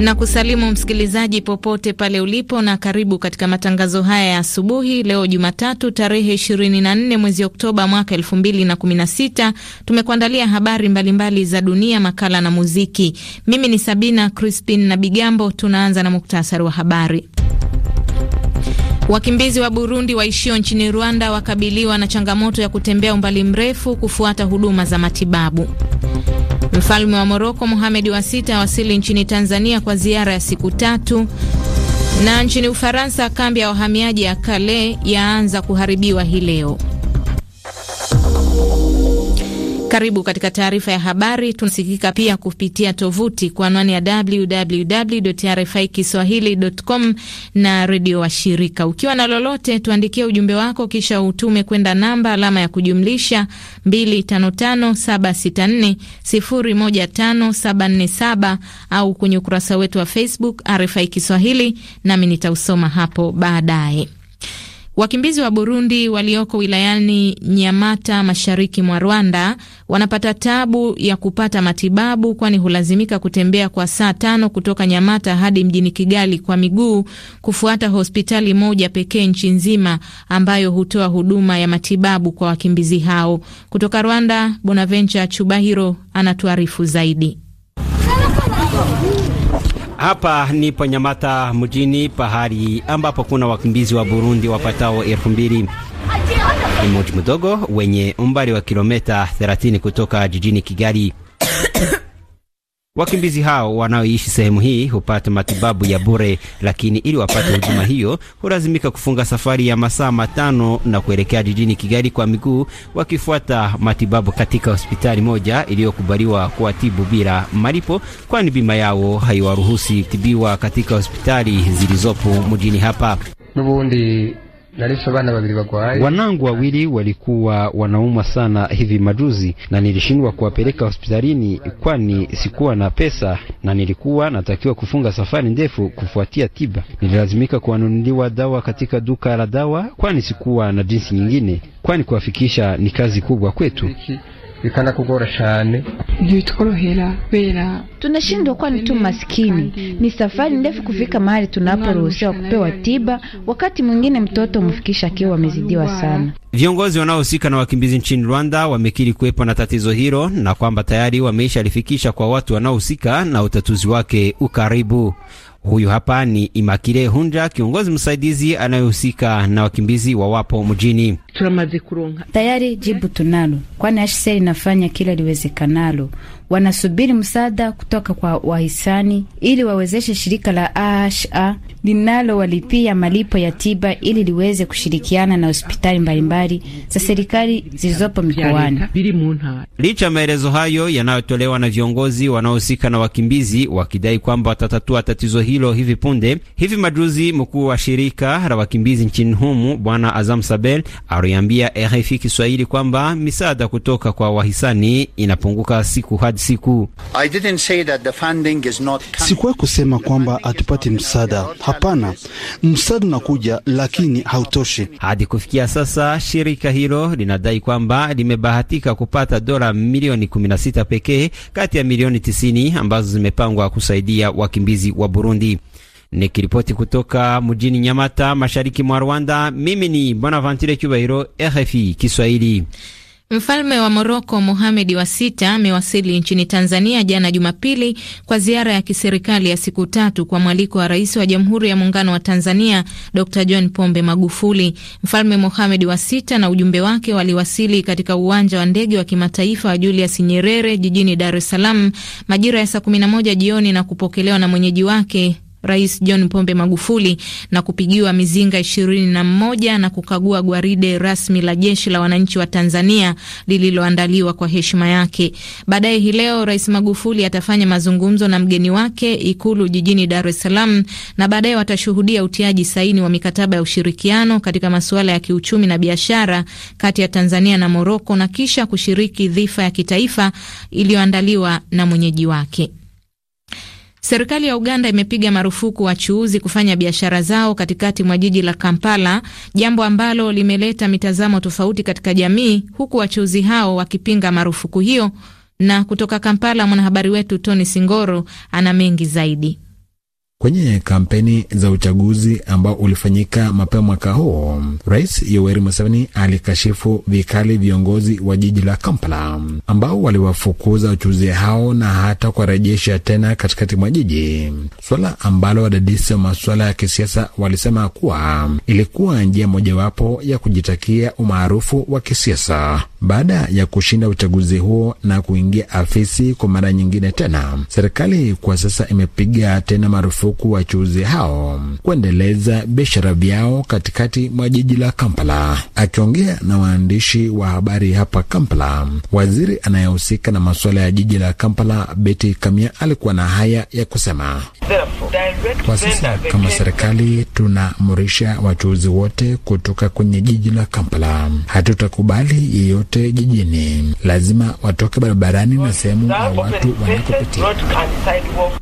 Na kusalimu msikilizaji popote pale ulipo, na karibu katika matangazo haya ya asubuhi leo Jumatatu tarehe 24 mwezi Oktoba mwaka 2016. Tumekuandalia habari mbalimbali mbali za dunia, makala na muziki. Mimi ni Sabina Crispin na Bigambo. Tunaanza na muktasari wa habari. Wakimbizi wa Burundi waishio nchini Rwanda wakabiliwa na changamoto ya kutembea umbali mrefu kufuata huduma za matibabu. Mfalme wa Moroko Mohamed wa sita awasili nchini Tanzania kwa ziara ya siku tatu. Na nchini Ufaransa, kambi ya wahamiaji ya Calais yaanza kuharibiwa hii leo. Karibu katika taarifa ya habari. Tunasikika pia kupitia tovuti kwa anwani ya kiswahilicom na redio washirika. Ukiwa na lolote, tuandikie ujumbe wako kisha utume kwenda namba alama ya kujumlisha 255764015747 au kwenye ukurasa wetu wa Facebook RFI Kiswahili, nami nitausoma hapo baadaye. Wakimbizi wa Burundi walioko wilayani Nyamata mashariki mwa Rwanda wanapata tabu ya kupata matibabu, kwani hulazimika kutembea kwa saa tano kutoka Nyamata hadi mjini Kigali kwa miguu, kufuata hospitali moja pekee nchi nzima ambayo hutoa huduma ya matibabu kwa wakimbizi hao. Kutoka Rwanda, Bonaventure Chubahiro anatuarifu zaidi. Hapa nipo Nyamata mjini, pahali ambapo kuna wakimbizi wa Burundi wapatao elfu mbili. Ni mji mdogo wenye umbali wa kilometa 30 kutoka jijini Kigali. Wakimbizi hao wanaoishi sehemu hii hupata matibabu ya bure, lakini ili wapate huduma hiyo hulazimika kufunga safari ya masaa matano na kuelekea jijini Kigali kwa miguu, wakifuata matibabu katika hospitali moja iliyokubaliwa kuwatibu bila malipo, kwani bima yao haiwaruhusi tibiwa katika hospitali zilizopo mjini hapa Nubundi. Wanangu wawili walikuwa wanaumwa sana hivi majuzi, na nilishindwa kuwapeleka hospitalini kwani sikuwa na pesa, na nilikuwa natakiwa kufunga safari ndefu kufuatia tiba. Nililazimika kuwanunuliwa dawa katika duka la dawa, kwani sikuwa na jinsi nyingine, kwani kuwafikisha ni kazi kubwa kwetu bikanakugora cyane bitworohera kubera tunashindwa kwani tu maskini. Ni safari ndefu kufika mahali tunaporuhusiwa kupewa tiba, wakati mwingine mtoto humfikisha akiwa wamezidiwa sana. Viongozi wanaohusika na wakimbizi nchini Rwanda wamekiri kuwepo na tatizo hilo na kwamba tayari wameisha lifikisha kwa watu wanaohusika na utatuzi wake ukaribu. Huyu hapa ni Imakire Hunja, kiongozi msaidizi anayehusika na wakimbizi wawapo mjini. Tayari jibu tunalo, kwani HCR inafanya kila liwezekanalo wanasubiri msaada kutoka kwa wahisani ili wawezeshe shirika la AHA linalowalipia malipo ya tiba ili liweze kushirikiana na hospitali mbalimbali za serikali zilizopo mikoani. Licha ya maelezo hayo yanayotolewa na viongozi wanaohusika na wakimbizi wakidai kwamba watatatua tatizo hilo hivi punde, hivi majuzi mkuu wa shirika la wakimbizi nchini humu Bwana Azam Sabel aliambia RFI Kiswahili kwamba misaada kutoka kwa wahisani inapunguka siku hadi siku. Sikuwahi kusema kwamba hatupati msaada, hapana. Msaada unakuja, lakini hautoshi. Hadi kufikia sasa, shirika hilo linadai kwamba limebahatika kupata dola milioni 16 pekee kati ya milioni 90 ambazo zimepangwa kusaidia wakimbizi wa Burundi. Nikiripoti kutoka mjini Nyamata, mashariki mwa Rwanda, mimi ni Bonaventure Cubahiro, RFI Kiswahili. Mfalme wa Moroko mohamedi wa sita amewasili nchini Tanzania jana Jumapili kwa ziara ya kiserikali ya siku tatu kwa mwaliko wa rais wa Jamhuri ya Muungano wa Tanzania Dr John Pombe Magufuli. Mfalme mohamedi wa sita na ujumbe wake waliwasili katika uwanja wa ndege wa kimataifa wa Julius Nyerere jijini Dar es Salaam majira ya saa 11 jioni na kupokelewa na mwenyeji wake Rais John Pombe Magufuli na kupigiwa mizinga ishirini na mmoja na kukagua gwaride rasmi la jeshi la wananchi wa Tanzania lililoandaliwa kwa heshima yake. Baadaye hii leo Rais Magufuli atafanya mazungumzo na mgeni wake Ikulu jijini Dar es Salaam, na baadaye watashuhudia utiaji saini wa mikataba ya ushirikiano katika masuala ya kiuchumi na biashara kati ya Tanzania na Moroko na kisha kushiriki dhifa ya kitaifa iliyoandaliwa na mwenyeji wake. Serikali ya Uganda imepiga marufuku wachuuzi kufanya biashara zao katikati mwa jiji la Kampala, jambo ambalo limeleta mitazamo tofauti katika jamii, huku wachuuzi hao wakipinga marufuku hiyo. Na kutoka Kampala, mwanahabari wetu Tony Singoro ana mengi zaidi. Kwenye kampeni za uchaguzi ambao ulifanyika mapema mwaka huu, Rais Yoweri Museveni alikashifu vikali viongozi wa jiji la Kampala ambao waliwafukuza wachuuzi hao na hata kuwarejesha tena katikati mwa jiji, suala ambalo wadadisi wa masuala ya kisiasa walisema kuwa ilikuwa njia mojawapo ya kujitakia umaarufu wa kisiasa. Baada ya kushinda uchaguzi huo na kuingia afisi kwa mara nyingine tena, serikali kwa sasa imepiga tena marufuku marufuku wachuuzi hao kuendeleza biashara vyao katikati mwa jiji la Kampala. Akiongea na waandishi wa habari hapa Kampala, waziri anayehusika na masuala ya jiji la Kampala Betty kamia alikuwa na haya ya kusema. Kwa sasa kama serikali tunaamurisha wachuuzi wote kutoka kwenye jiji la Kampala. Hatutakubali yeyote jijini, lazima watoke barabarani na sehemu ya watu wanakopitia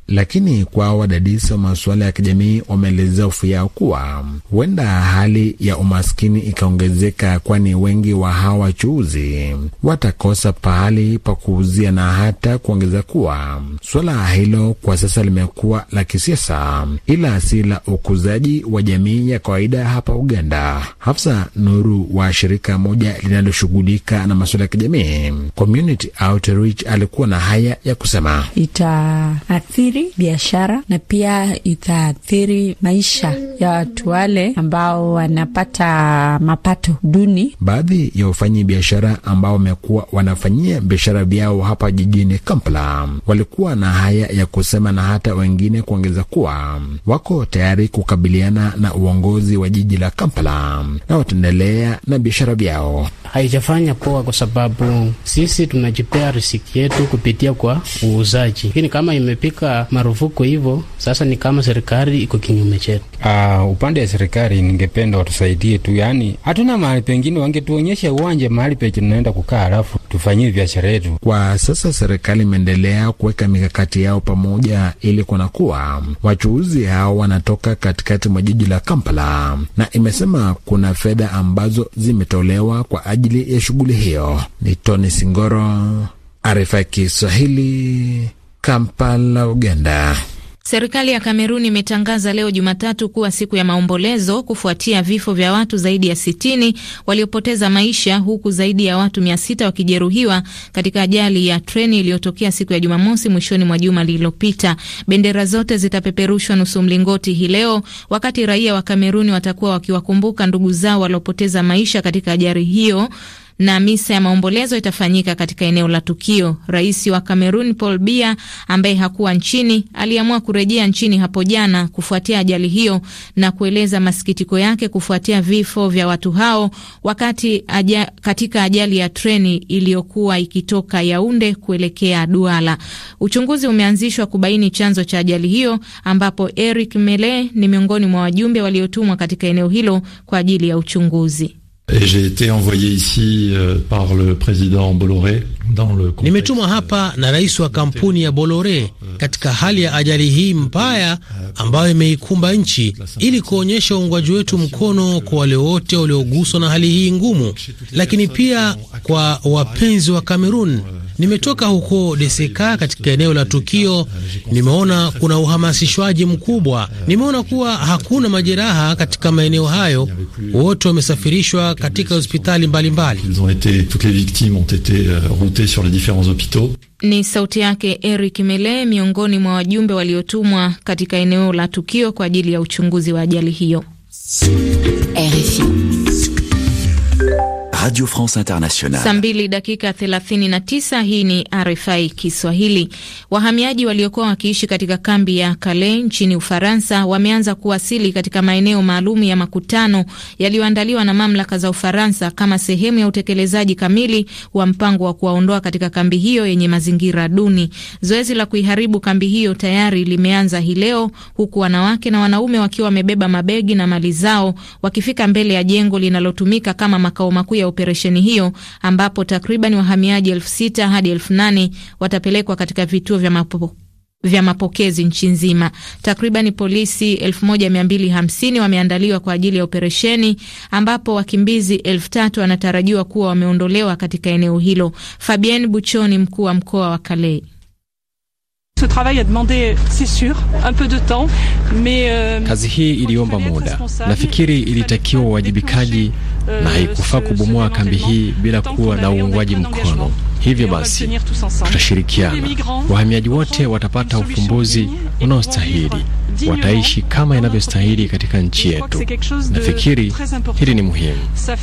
lakini kwa wadadisi wa masuala ya kijamii wameelezea hofu yao kuwa huenda hali ya umaskini ikaongezeka, kwani wengi wa hawa wachuuzi watakosa pahali pa kuuzia, na hata kuongeza kuwa suala hilo kwa sasa limekuwa la kisiasa, ila si la ukuzaji wa jamii ya kawaida hapa Uganda. Hafsa Nuru wa shirika moja linaloshughulika na masuala ya kijamii Community Outreach alikuwa na haya ya kusema: itaathiri ajiri, biashara na pia itaathiri maisha ya watu wale ambao wanapata mapato duni. Baadhi ya wafanyi biashara ambao wamekuwa wanafanyia biashara vyao hapa jijini Kampala walikuwa na haya ya kusema na hata wengine kuongeza kuwa wako tayari kukabiliana na uongozi wa jiji la Kampala na wataendelea na biashara vyao. Haijafanya poa kwa sababu sisi tunajipea risiki yetu kupitia kwa uuzaji, lakini kama imepika marufuku hivyo, sasa ni kama serikali iko kinyume chetu. Uh, upande wa serikali ningependa watusaidie tu, yaani hatuna mahali pengine, wangetuonyesha uwanja mahali peche tunaenda kukaa, halafu tufanyie biashara yetu. Kwa sasa serikali imeendelea kuweka mikakati yao pamoja, ili kunakuwa kuwa wachuuzi hao wanatoka katikati mwa jiji la Kampala, na imesema kuna fedha ambazo zimetolewa kwa ajili ya shughuli hiyo. Ni Tony Singoro, Arifa Kiswahili Kampala, Uganda. Serikali ya Kamerun imetangaza leo Jumatatu kuwa siku ya maombolezo kufuatia vifo vya watu zaidi ya 60 waliopoteza maisha huku zaidi ya watu 600 wakijeruhiwa katika ajali ya treni iliyotokea siku ya Jumamosi mwishoni mwa juma lililopita. Bendera zote zitapeperushwa nusu mlingoti hii leo wakati raia wa Kameruni watakuwa wakiwakumbuka ndugu zao waliopoteza maisha katika ajali hiyo na misa ya maombolezo itafanyika katika eneo la tukio. Rais wa Kamerun Paul Biya ambaye hakuwa nchini aliamua kurejea nchini hapo jana kufuatia ajali hiyo na kueleza masikitiko yake kufuatia vifo vya watu hao wakati aja, katika ajali ya treni iliyokuwa ikitoka Yaunde kuelekea Duala. Uchunguzi umeanzishwa kubaini chanzo cha ajali hiyo ambapo Eric Mele ni miongoni mwa wajumbe waliotumwa katika eneo hilo kwa ajili ya uchunguzi. Et j'ai été envoyé ici euh, par le président Bolloré Nimetumwa hapa na rais wa kampuni ya Bolore katika hali ya ajali hii mbaya ambayo imeikumba nchi, ili kuonyesha uungwaji wetu mkono kwa wale wote walioguswa na hali hii ngumu, lakini pia kwa wapenzi wa Kamerun. Nimetoka huko Deseka katika eneo la tukio, nimeona kuna uhamasishwaji mkubwa. Nimeona kuwa hakuna majeraha katika maeneo hayo, wote wamesafirishwa katika hospitali mbalimbali mbali écouter sur les différents hôpitaux. Ni sauti yake Eric Mele, miongoni mwa wajumbe waliotumwa katika eneo la tukio kwa ajili ya uchunguzi wa ajali hiyo. RFI. Radio France Internationale. Saa mbili dakika 39. Hii ni RFI Kiswahili. Wahamiaji waliokuwa wakiishi katika kambi ya Calais nchini Ufaransa wameanza kuwasili katika maeneo maalum ya makutano yaliyoandaliwa na mamlaka za Ufaransa kama sehemu ya utekelezaji kamili wa mpango wa kuwaondoa katika kambi hiyo yenye mazingira duni. Zoezi la kuiharibu kambi hiyo tayari limeanza hii leo, huku wanawake na wanaume wakiwa wamebeba mabegi na mali zao wakifika mbele ya jengo linalotumika kama makao makuu ya operesheni hiyo ambapo takriban wahamiaji elfu sita hadi elfu nane watapelekwa katika vituo vya mapo vya mapokezi nchi nzima. Takribani polisi 1250 wameandaliwa kwa ajili ya operesheni, ambapo wakimbizi 3000 wanatarajiwa kuwa wameondolewa katika eneo hilo. Fabien Buchoni, mkuu wa mkoa wa Kalei. Ce travail a demandé, c'est sûr, un peu de temps, mais euh, kazi hii iliomba muda. Nafikiri ilitakiwa uwajibikaji na haikufaa euh, kubomoa kambi hii bila kuwa na uungwaji mkono. Hivyo basi tutashirikiana, wahamiaji wote watapata ufumbuzi unaostahili, wataishi kama inavyostahili katika nchi yetu. Nafikiri hili ni muhimu.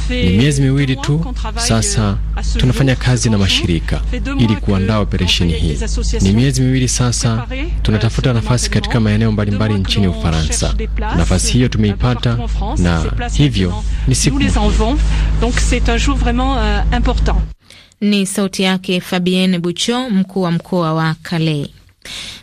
Ni miezi miwili tu euh, sasa tunafanya kazi na mashirika ili kuandaa operesheni hii. Ni miezi miwili sasa euh, tunatafuta nafasi katika maeneo mbalimbali nchini Ufaransa. Nafasi hiyo tumeipata, euh, na hivyo ni siku ni sauti yake Fabienne Bucho, mkuu wa mkoa wa Calais.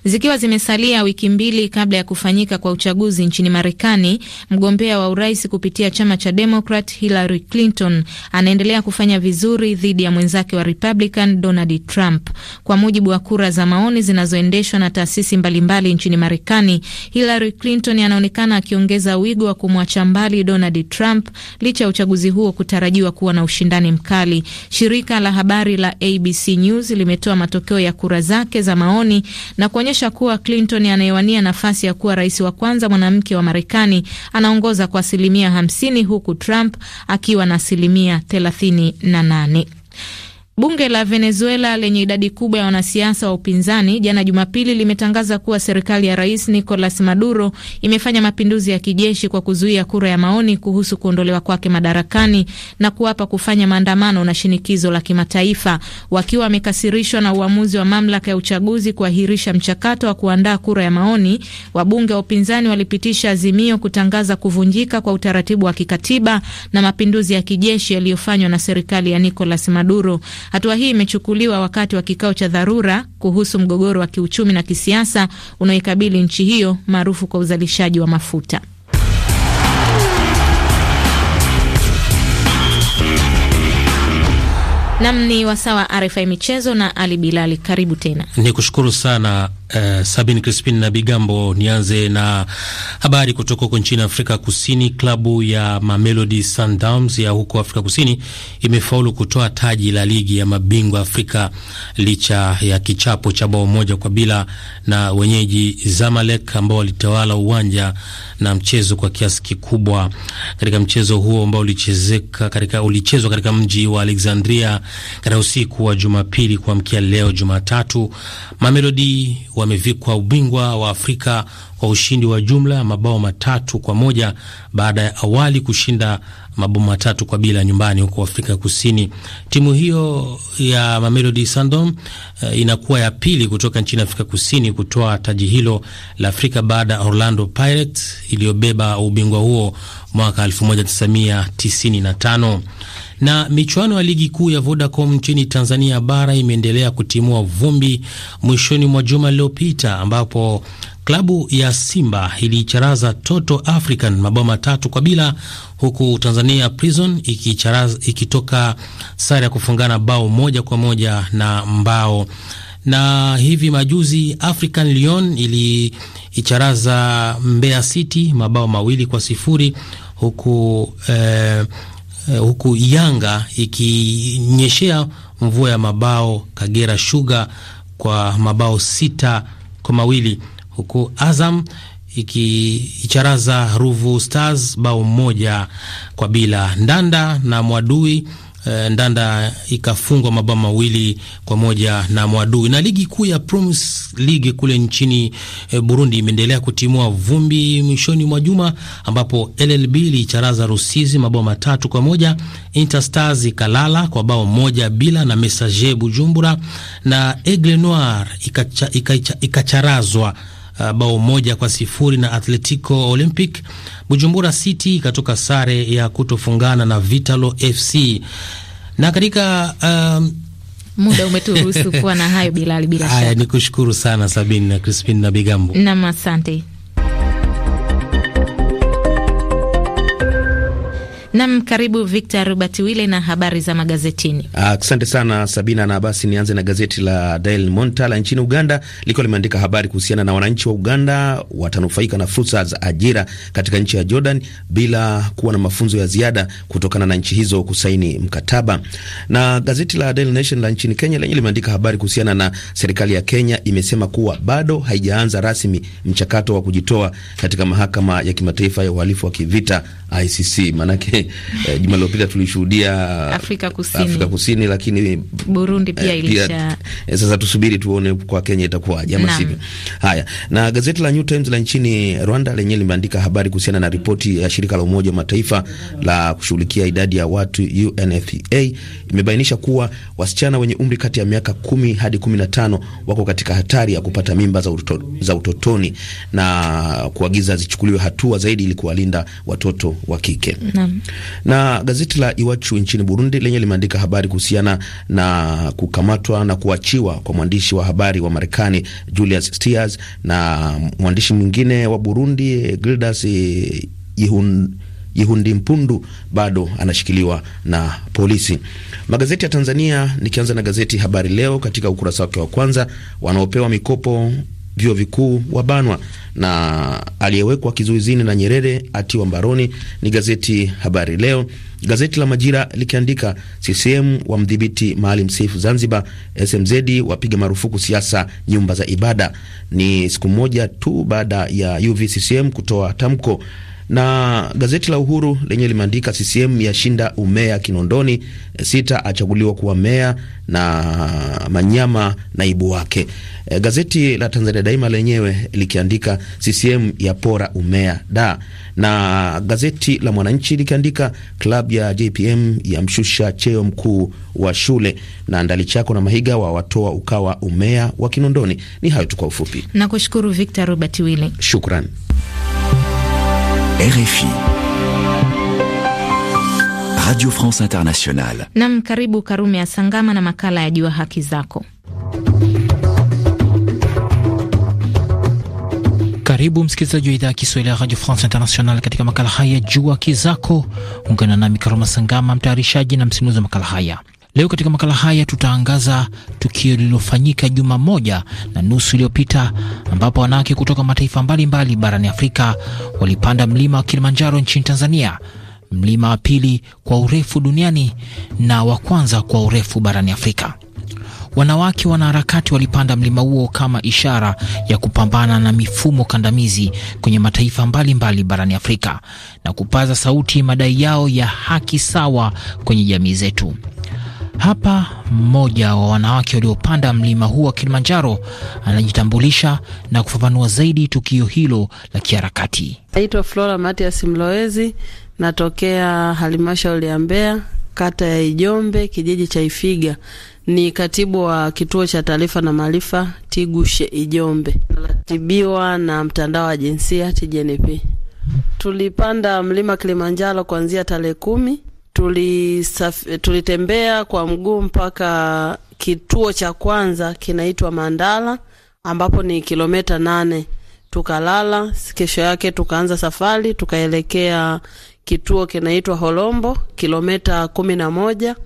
Zikiwa zimesalia wiki mbili kabla ya kufanyika kwa uchaguzi nchini Marekani, mgombea wa urais kupitia chama cha demokrat Hillary Clinton anaendelea kufanya vizuri dhidi ya mwenzake wa Republican Donald Trump. Kwa mujibu wa kura za maoni zinazoendeshwa na taasisi mbalimbali nchini Marekani, Hillary Clinton anaonekana akiongeza wigo wa kumwacha mbali Donald Trump licha ya uchaguzi huo kutarajiwa kuwa na ushindani mkali. Shirika la habari la ABC News limetoa matokeo ya kura zake za maoni na kuonyesha kuwa Clinton anayewania nafasi ya kuwa rais wa kwanza mwanamke wa Marekani anaongoza kwa asilimia 50 huku Trump akiwa na asilimia 38. Bunge la Venezuela lenye idadi kubwa ya wanasiasa wa upinzani jana Jumapili limetangaza kuwa serikali ya rais Nicolas Maduro imefanya mapinduzi ya kijeshi kwa kuzuia kura ya maoni kuhusu kuondolewa kwake madarakani na kuapa kufanya maandamano na shinikizo la kimataifa. Wakiwa wamekasirishwa na uamuzi wa mamlaka ya uchaguzi kuahirisha mchakato wa kuandaa kura ya maoni, wabunge wa upinzani walipitisha azimio kutangaza kuvunjika kwa utaratibu wa kikatiba na mapinduzi ya kijeshi yaliyofanywa na serikali ya Nicolas Maduro. Hatua hii imechukuliwa wakati wa kikao cha dharura kuhusu mgogoro wa kiuchumi na kisiasa unaoikabili nchi hiyo maarufu kwa uzalishaji wa mafuta. Nam ni wasawa RFI michezo na Ali Bilali, karibu tena. Ni kushukuru sana Uh, eh, Sabin Crispin na Bigambo, nianze na habari kutoka huko nchini Afrika Kusini. Klabu ya Mamelodi Sundowns ya huko Afrika Kusini imefaulu kutoa taji la ligi ya mabingwa Afrika licha ya kichapo cha bao moja kwa bila na wenyeji Zamalek ambao walitawala uwanja na mchezo kwa kiasi kikubwa. Katika mchezo huo ambao ulichezeka katika ulichezwa katika mji wa Alexandria katika usiku wa Jumapili kuamkia leo Jumatatu, Mamelodi wamevikwa ubingwa wa Afrika kwa ushindi wa jumla mabao matatu kwa moja baada ya awali kushinda mabao matatu kwa bila nyumbani huko Afrika Kusini. Timu hiyo ya Mamelodi Sundowns uh, inakuwa ya pili kutoka nchini Afrika Kusini kutoa taji hilo la Afrika baada ya Orlando Pirates iliyobeba ubingwa huo mwaka 1995. Na michuano ya ligi kuu ya Vodacom nchini Tanzania bara imeendelea kutimua vumbi mwishoni mwa juma lililopita, ambapo klabu ya Simba iliicharaza Toto African mabao matatu kwa bila, huku Tanzania Prison ikitoka sare ya kufungana bao moja kwa moja na Mbao na hivi majuzi African Lyon iliicharaza Mbeya City mabao mawili kwa sifuri huku eh, eh, huku Yanga ikinyeshea mvua ya mabao Kagera Sugar kwa mabao sita kwa mawili huku Azam ikiicharaza Ruvu Stars bao moja kwa bila. Ndanda na Mwadui Eh, Ndanda ikafungwa mabao mawili kwa moja na Mwadui. Na ligi kuu ya Promise League kule nchini eh, Burundi imeendelea kutimua vumbi mwishoni mwa juma ambapo LLB ilicharaza Rusizi mabao matatu kwa moja, Interstars ikalala kwa bao moja bila na Messager Bujumbura na Aigle Noir ikacharazwa ikacha, ikacha, uh, bao moja kwa sifuri na Atletico Olympic. Bujumbura City ikatoka sare ya kutofungana na Vitalo FC na katika um, muda umeturuhusu kuwa na hayo Bilali, bila shaka. Haya, nikushukuru sana Sabine na Crispin na Bigambo. Naam, asante. Nam, karibu Victor Robert Wile na habari za magazetini. Ah, asante sana Sabina, na basi nianze na gazeti la Daily Monitor la nchini Uganda likiwa limeandika habari kuhusiana na wananchi wa Uganda watanufaika na fursa za ajira katika nchi ya Jordan bila kuwa na mafunzo ya ziada kutokana na nchi hizo kusaini mkataba. Na gazeti la Daily Nation la nchini Kenya lenye limeandika habari kuhusiana na serikali ya Kenya imesema kuwa bado haijaanza rasmi mchakato wa kujitoa katika mahakama ya kimataifa ya uhalifu wa kivita ICC, Manake nne. Eh, e, juma lililopita tulishuhudia Afrika Kusini, Afrika Kusini, lakini eh, Burundi pia ilisha. E, sasa tusubiri tuone kwa Kenya itakuwaje ama sivyo. Haya, na gazeti la New Times la nchini Rwanda lenyewe limeandika habari kuhusiana na ripoti ya shirika la Umoja wa Mataifa la kushughulikia idadi ya watu UNFPA imebainisha kuwa wasichana wenye umri kati ya miaka kumi hadi kumi na tano wako katika hatari ya kupata mimba za, uto, za utotoni na kuagiza zichukuliwe hatua zaidi ili kuwalinda watoto wa kike. Naam. Na gazeti la Iwachu nchini Burundi lenye limeandika habari kuhusiana na kukamatwa na kuachiwa kwa mwandishi wa habari wa Marekani Julius Stiers na mwandishi mwingine wa Burundi Gildas Yihun Yihundi Mpundu bado anashikiliwa na polisi. Magazeti ya Tanzania, nikianza na gazeti Habari Leo, katika ukurasa wake wa kwanza, wanaopewa mikopo vyuo vikuu wabanwa na aliyewekwa kizuizini na Nyerere atiwa mbaroni, ni gazeti Habari Leo. Gazeti la Majira likiandika CCM wamdhibiti Maalim Seif Zanzibar, SMZ wapiga marufuku siasa nyumba za ibada, ni siku moja tu baada ya UVCCM kutoa tamko na gazeti la Uhuru lenye limeandika CCM yashinda umea Kinondoni, sita achaguliwa kuwa mea na Manyama naibu wake. E, gazeti la Tanzania Daima lenyewe likiandika CCM yapora umea da, na gazeti la Mwananchi likiandika klabu ya JPM yamshusha cheo mkuu wa shule, na Ndali Chako na Mahiga wa watoa ukawa umea wa Kinondoni. Ni hayo tu kwa ufupi, nakushukuru Victor Robert Wile, shukran. RFI Radio France Internationale. Nam, karibu Karume ya Sangama na makala ya Jua Haki Zako. Karibu msikilizaji wa idhaa ya Kiswahili ya Radio France International katika makala haya Jua Haki Zako. Ungana nami Karoma Sangama, mtayarishaji na msimulizi wa makala haya. Leo katika makala haya tutaangaza tukio lililofanyika juma moja na nusu iliyopita ambapo wanawake kutoka mataifa mbalimbali mbali barani Afrika walipanda mlima wa Kilimanjaro nchini Tanzania, mlima wa pili kwa urefu duniani na wa kwanza kwa urefu barani Afrika. Wanawake wanaharakati walipanda mlima huo kama ishara ya kupambana na mifumo kandamizi kwenye mataifa mbalimbali mbali barani Afrika na kupaza sauti madai yao ya haki sawa kwenye jamii zetu. Hapa mmoja wa wanawake waliopanda mlima huu wa Kilimanjaro anajitambulisha na kufafanua zaidi tukio hilo la kiharakati. Naitwa Flora Matias Mloezi, natokea halmashauri ya Mbeya, kata ya Ijombe, kijiji cha Ifiga. Ni katibu wa kituo cha taarifa na maarifa Tigushe Ijombe, naratibiwa na mtandao wa jinsia TGNP. Tulipanda mlima Kilimanjaro kuanzia tarehe kumi tulisafi, tulitembea kwa mguu mpaka kituo cha kwanza kinaitwa Mandala ambapo ni kilometa nane. Tukalala, kesho yake tukaanza safari, tukaelekea kituo kinaitwa Holombo kilometa kumi na moja.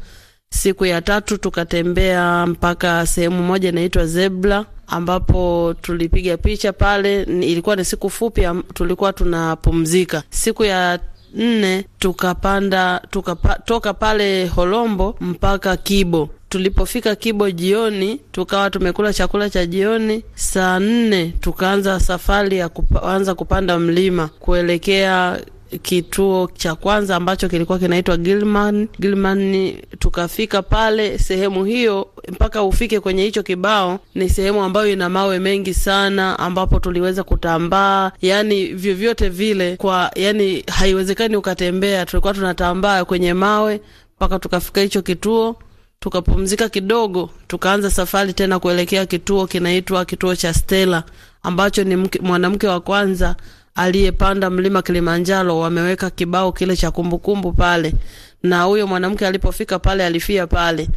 Siku ya tatu tukatembea mpaka sehemu moja inaitwa Zebra ambapo tulipiga picha pale. Ilikuwa ni siku fupi, tulikuwa tunapumzika. Siku ya nne tukapanda tukatoka toka pale Holombo mpaka Kibo. Tulipofika Kibo jioni, tukawa tumekula chakula cha jioni. Saa nne tukaanza safari ya kuanza kupanda mlima kuelekea kituo cha kwanza ambacho kilikuwa kinaitwa Gilman Gilman. Tukafika pale sehemu hiyo, mpaka ufike kwenye hicho kibao, ni sehemu ambayo ina mawe mengi sana, ambapo tuliweza kutambaa, yani vyovyote vile kwa, yani haiwezekani ukatembea. Tulikuwa tunatambaa kwenye mawe mpaka tukafika hicho kituo, tukapumzika kidogo, tukaanza safari tena kuelekea kituo kinaitwa kituo cha Stella ambacho ni mwanamke wa kwanza aliyepanda mlima Kilimanjaro wameweka kibao kile cha kumbukumbu pale, na huyo mwanamke alipofika pale alifia pale.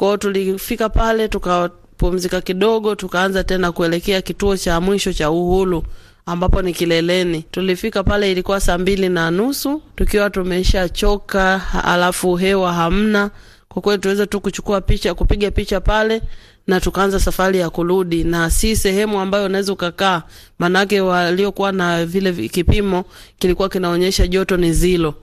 hiyo tulifika pale tukapumzika kidogo, tukaanza tena kuelekea kituo cha mwisho cha Uhuru ambapo ni kileleni. Tulifika pale ilikuwa saa mbili na nusu tukiwa tumeshachoka, alafu hewa hamna. Kwa kweli tuweze tu kuchukua picha, kupiga picha pale na tukaanza safari ya kurudi, na si sehemu ambayo unaweza ukakaa, manake waliokuwa na vile kipimo kilikuwa kinaonyesha joto ni zilo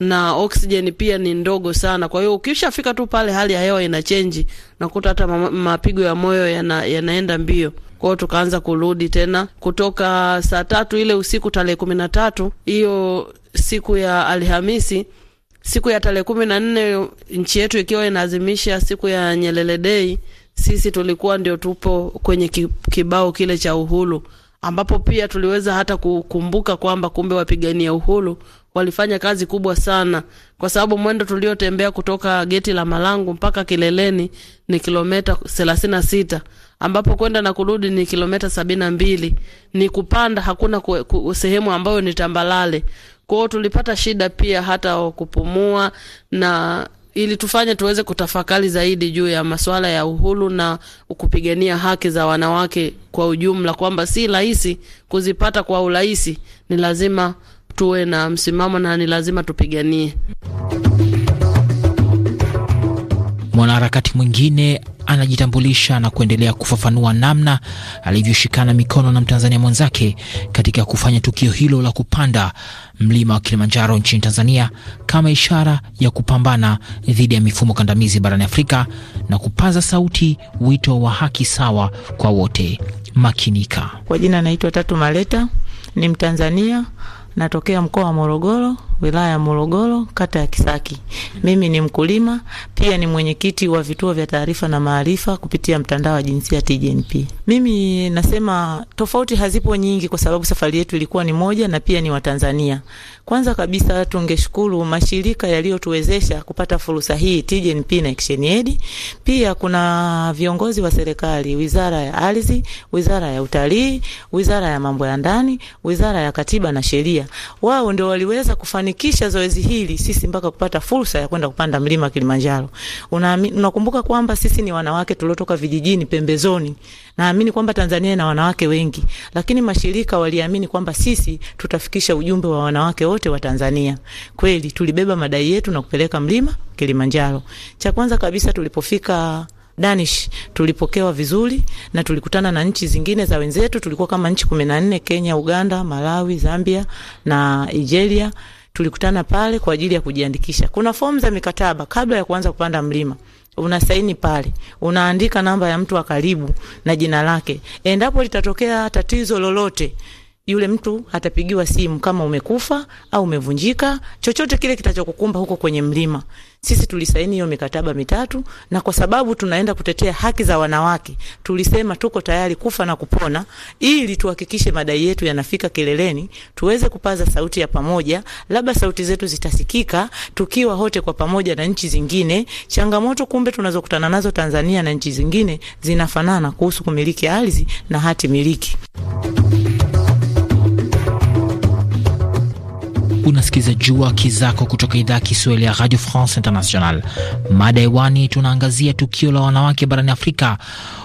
na oksijeni pia ni ndogo sana. Kwa hiyo ukishafika tu pale, hali ya hewa ina chenji, nakuta hata mapigo ya moyo yana, yanaenda mbio. Kwao tukaanza kurudi tena kutoka saa tatu ile usiku tarehe kumi na tatu hiyo siku ya Alhamisi siku ya tarehe kumi na nne nchi yetu ikiwa inaazimisha siku ya Nyerere Dei, sisi tulikuwa ndio tupo kwenye kibao kile cha uhuru, ambapo pia tuliweza hata kukumbuka kwamba kumbe wapigania uhuru walifanya kazi kubwa sana, kwa sababu mwendo tuliotembea kutoka geti la Malangu mpaka kileleni ni kilometa thelathini na sita ambapo kwenda na kurudi ni kilometa sabini na mbili. Ni kupanda hakuna sehemu ambayo ni tambalale kwao tulipata shida pia hata wa kupumua na ili tufanye tuweze kutafakari zaidi juu ya masuala ya uhuru na kupigania haki za wanawake kwa ujumla, kwamba si rahisi kuzipata kwa urahisi, ni lazima tuwe na msimamo na ni lazima tupiganie. Mwanaharakati mwingine anajitambulisha na kuendelea kufafanua namna alivyoshikana mikono na Mtanzania mwenzake katika kufanya tukio hilo la kupanda mlima wa Kilimanjaro nchini Tanzania kama ishara ya kupambana dhidi ya mifumo kandamizi barani Afrika na kupaza sauti wito wa haki sawa kwa wote. Makinika. Kwa jina naitwa Tatu Maleta, ni Mtanzania, natokea mkoa wa Morogoro wilaya ya Morogoro, kata ya Kisaki. Mimi ni mkulima pia ni mwenyekiti wa vituo vya taarifa na maarifa kupitia mtandao wa jinsia TGNP. Mimi nasema tofauti hazipo nyingi, kwa sababu safari yetu ilikuwa ni moja na pia ni Watanzania. Kwanza kabisa tungeshukuru mashirika yaliyotuwezesha kupata fursa hii, TGNP na Action Aid. Pia kuna viongozi wa serikali, wizara ya ardhi, wizara ya utalii, wizara ya mambo ya ndani, wizara ya katiba na sheria, wao ndio waliweza kufanya kufanikisha zoezi hili sisi mpaka kupata fursa ya kwenda kupanda mlima Kilimanjaro. Unakumbuka kwamba sisi ni wanawake tuliotoka vijijini pembezoni. Naamini kwamba Tanzania ina wanawake wengi, lakini mashirika waliamini kwamba sisi tutafikisha ujumbe wa wanawake wote wa Tanzania. Kweli tulibeba madai yetu na kupeleka mlima Kilimanjaro. Cha kwanza kabisa tulipofika Danish tulipokewa vizuri na tulikutana na nchi zingine za wenzetu. Tulikuwa kama nchi kumi na nne: Kenya, Uganda, Malawi, Zambia na Nigeria tulikutana pale kwa ajili ya kujiandikisha. Kuna fomu za mikataba kabla ya kuanza kupanda mlima unasaini pale, unaandika namba ya mtu wa karibu na jina lake. Endapo litatokea tatizo lolote, yule mtu atapigiwa simu kama umekufa au umevunjika, chochote kile kitachokukumba huko kwenye mlima. Sisi tulisaini hiyo mikataba mitatu, na kwa sababu tunaenda kutetea haki za wanawake, tulisema tuko tayari kufa na kupona, ili tuhakikishe madai yetu yanafika kileleni, tuweze kupaza sauti ya pamoja, labda sauti zetu zitasikika tukiwa hote kwa pamoja na nchi zingine. Changamoto kumbe tunazokutana nazo Tanzania na nchi zingine zinafanana kuhusu kumiliki ardhi na hati miliki. unasikiza Jua Kizako kutoka idhaa ya Kiswahili ya Radio France International. Mada hewani, tunaangazia tukio la wanawake barani Afrika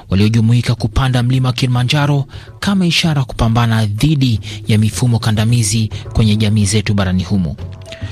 waliojumuika kupanda mlima wa Kilimanjaro kama ishara ya kupambana dhidi ya mifumo kandamizi kwenye jamii zetu barani humo.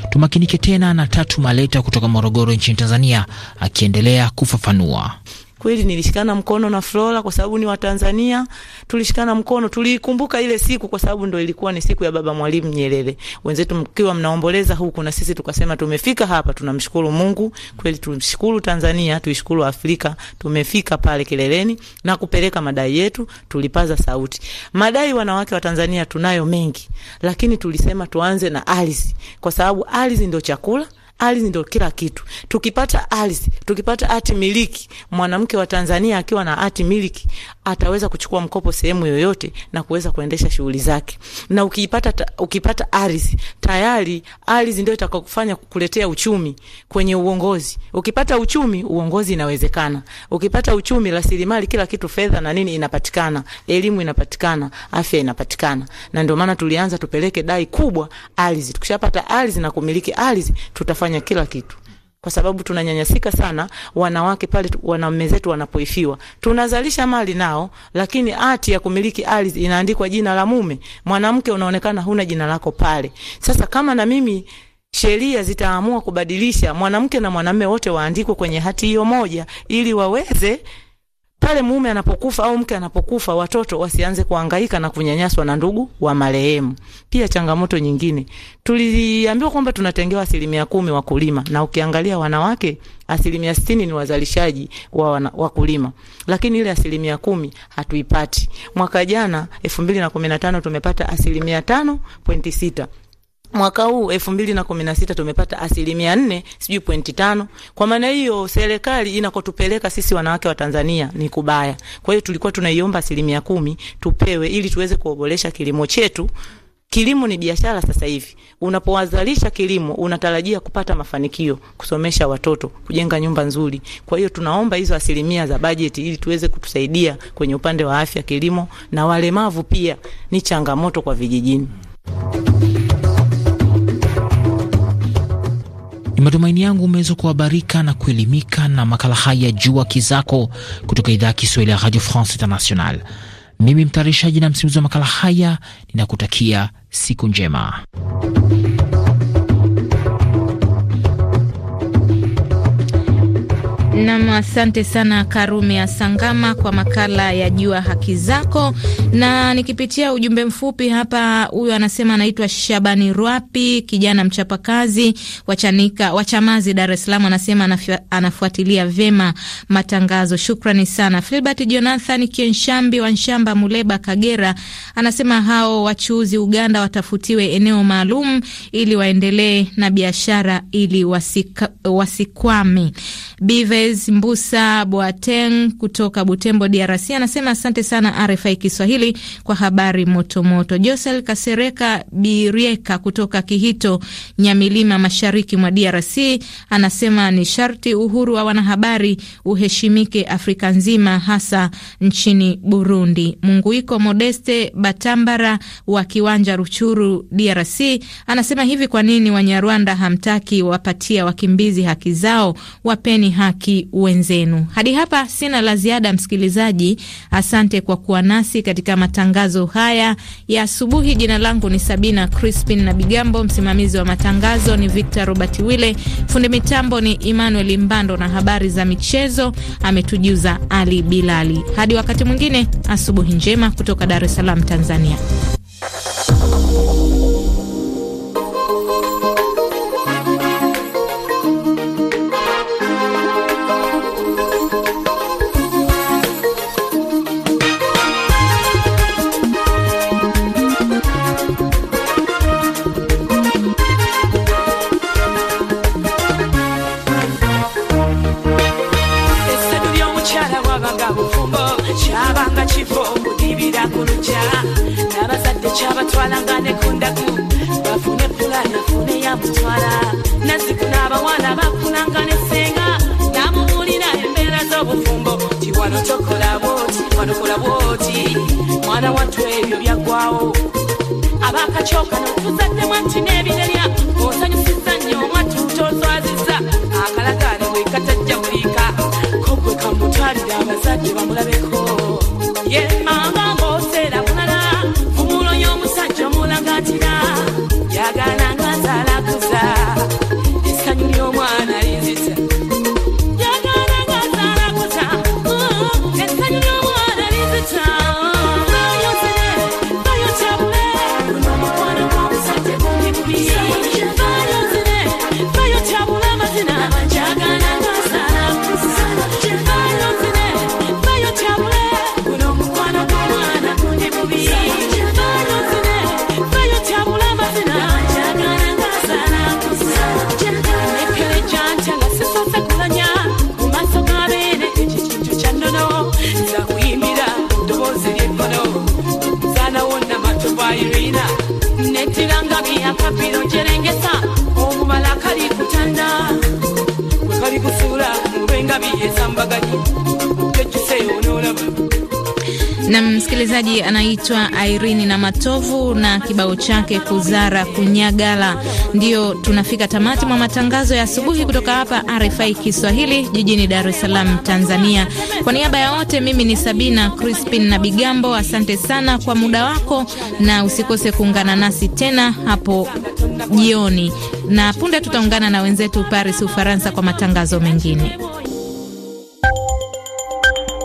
Tumakinike tena na Tatu Maleta kutoka Morogoro nchini Tanzania akiendelea kufafanua kweli nilishikana mkono na Flora kwa sababu ni Watanzania, tulishikana mkono, tulikumbuka ile siku kwa sababu ndo ilikuwa ni siku ya baba Mwalimu Nyerere. Wenzetu mkiwa mnaomboleza huku, na sisi tukasema tumefika hapa, tunamshukuru Mungu kweli, tumshukuru Tanzania, tuishukuru Afrika, tumefika pale kileleni na kupeleka madai yetu, tulipaza sauti madai. Wanawake wa Tanzania tunayo mengi, lakini tulisema tuanze na ardhi, kwa sababu ardhi ndo chakula ardhi ndio kila kitu. Tukipata ardhi, tukipata hati miliki, mwanamke wa Tanzania akiwa na hati miliki ataweza kuchukua mkopo sehemu yoyote na kuweza kuendesha shughuli zake. Na ukipata ta, ukipata ardhi tayari, ardhi ndio itakakufanya kukuletea uchumi kwenye uongozi. Ukipata uchumi, uongozi inawezekana. Ukipata uchumi, rasilimali, kila kitu, fedha na nini inapatikana, elimu inapatikana, afya inapatikana. Na ndio maana tulianza tupeleke dai kubwa ardhi. Tukishapata ardhi na kumiliki ardhi, tutafanya kila kitu kwa sababu tunanyanyasika sana wanawake pale wanaume zetu wanapoifiwa. Tunazalisha mali nao, lakini hati ya kumiliki ardhi inaandikwa jina la mume. Mwanamke unaonekana huna jina lako pale. Sasa kama na mimi sheria zitaamua kubadilisha, mwanamke na mwanamume wote waandikwe kwenye hati hiyo moja, ili waweze pale mume anapokufa au mke anapokufa, watoto wasianze kuangaika na kunyanyaswa na ndugu wa marehemu. Pia changamoto nyingine tuliambiwa kwamba tunatengewa asilimia kumi wakulima, na ukiangalia wanawake asilimia sitini ni wazalishaji wa wakulima, lakini ile asilimia kumi hatuipati. Mwaka jana elfu mbili na kumi na tano tumepata asilimia tano pointi sita mwaka huu elfu mbili na kumi na sita tumepata asilimia nne sijui pointi tano. Kwa maana hiyo serikali inakotupeleka sisi wanawake wa Tanzania ni kubaya. Kwa hiyo tulikuwa tunaiomba asilimia kumi tupewe ili tuweze kuobolesha kilimo chetu. Kilimo ni biashara sasa hivi. Unapowazalisha kilimo unatarajia kupata mafanikio, kusomesha watoto, kujenga nyumba nzuri. Kwa hiyo tunaomba hizo asilimia za bajeti ili tuweze kutusaidia kwenye upande wa afya, kilimo na walemavu pia ni changamoto kwa vijijini. Ni matumaini yangu umeweza kuhabarika na kuelimika na makala haya Jua Kizako kutoka idhaa ya Kiswahili ya Radio France International. Mimi mtayarishaji na msimuzi wa makala haya ninakutakia siku njema. Nam, asante sana Karume Asangama kwa makala ya Jua Haki Zako. Na nikipitia ujumbe mfupi hapa, huyu anasema anaitwa Shabani Rwapi, kijana mchapakazi wachanika wachamazi, Dar es Salaam. Anasema anafuatilia vyema matangazo. Shukrani sana Filbert Jonathan Kienshambi Wanshamba, Muleba, Kagera. Anasema hao wachuuzi Uganda watafutiwe eneo maalum ili waendelee na biashara ili wasika, wasikwame Bive Blaise Mbusa Boateng kutoka Butembo, DRC, anasema asante sana RFI Kiswahili kwa habari motomoto. Josel Kasereka Birieka kutoka Kihito, Nyamilima, mashariki mwa DRC, anasema ni sharti uhuru wa wanahabari uheshimike Afrika nzima, hasa nchini Burundi. Munguiko Modeste Batambara wa Kiwanja, Ruchuru, DRC, anasema hivi, kwa nini Wanyarwanda hamtaki wapatia wakimbizi haki zao? Wapeni haki wenzenu. Hadi hapa sina la ziada, msikilizaji. Asante kwa kuwa nasi katika matangazo haya ya asubuhi. Jina langu ni Sabina Crispin na Bigambo, msimamizi wa matangazo ni Victor Robert Wille, fundi mitambo ni Emmanuel Mbando na habari za michezo ametujuza Ali Bilali. Hadi wakati mwingine, asubuhi njema kutoka Dar es Salaam, Tanzania. kyakulukya n'abazadde kyabatwala nga nekundaku bafune pula nafune yamutwala naziku n'abawana bafunanga nesenga namubulira embeera z'obufumbo ti wano tokola bwoti wanokola bwoti mwana wattu ebyo byagwawo abakacyoka notuzaddemu nti n'ebirerya osanyusiza nnyo omwattu tozwaziza akalagaani bwekatajja buliika ko gwe kamutwalira abazadde bamulabe na msikilizaji anaitwa Irene na Matovu na kibao chake kuzara kunyagala. Ndio tunafika tamati mwa matangazo ya asubuhi kutoka hapa RFI Kiswahili jijini Dar es Salaam, Tanzania. Kwa niaba ya wote, mimi ni Sabina Crispin na Bigambo. Asante sana kwa muda wako na usikose kuungana nasi tena hapo jioni, na punde tutaungana na wenzetu Paris, Ufaransa kwa matangazo mengine.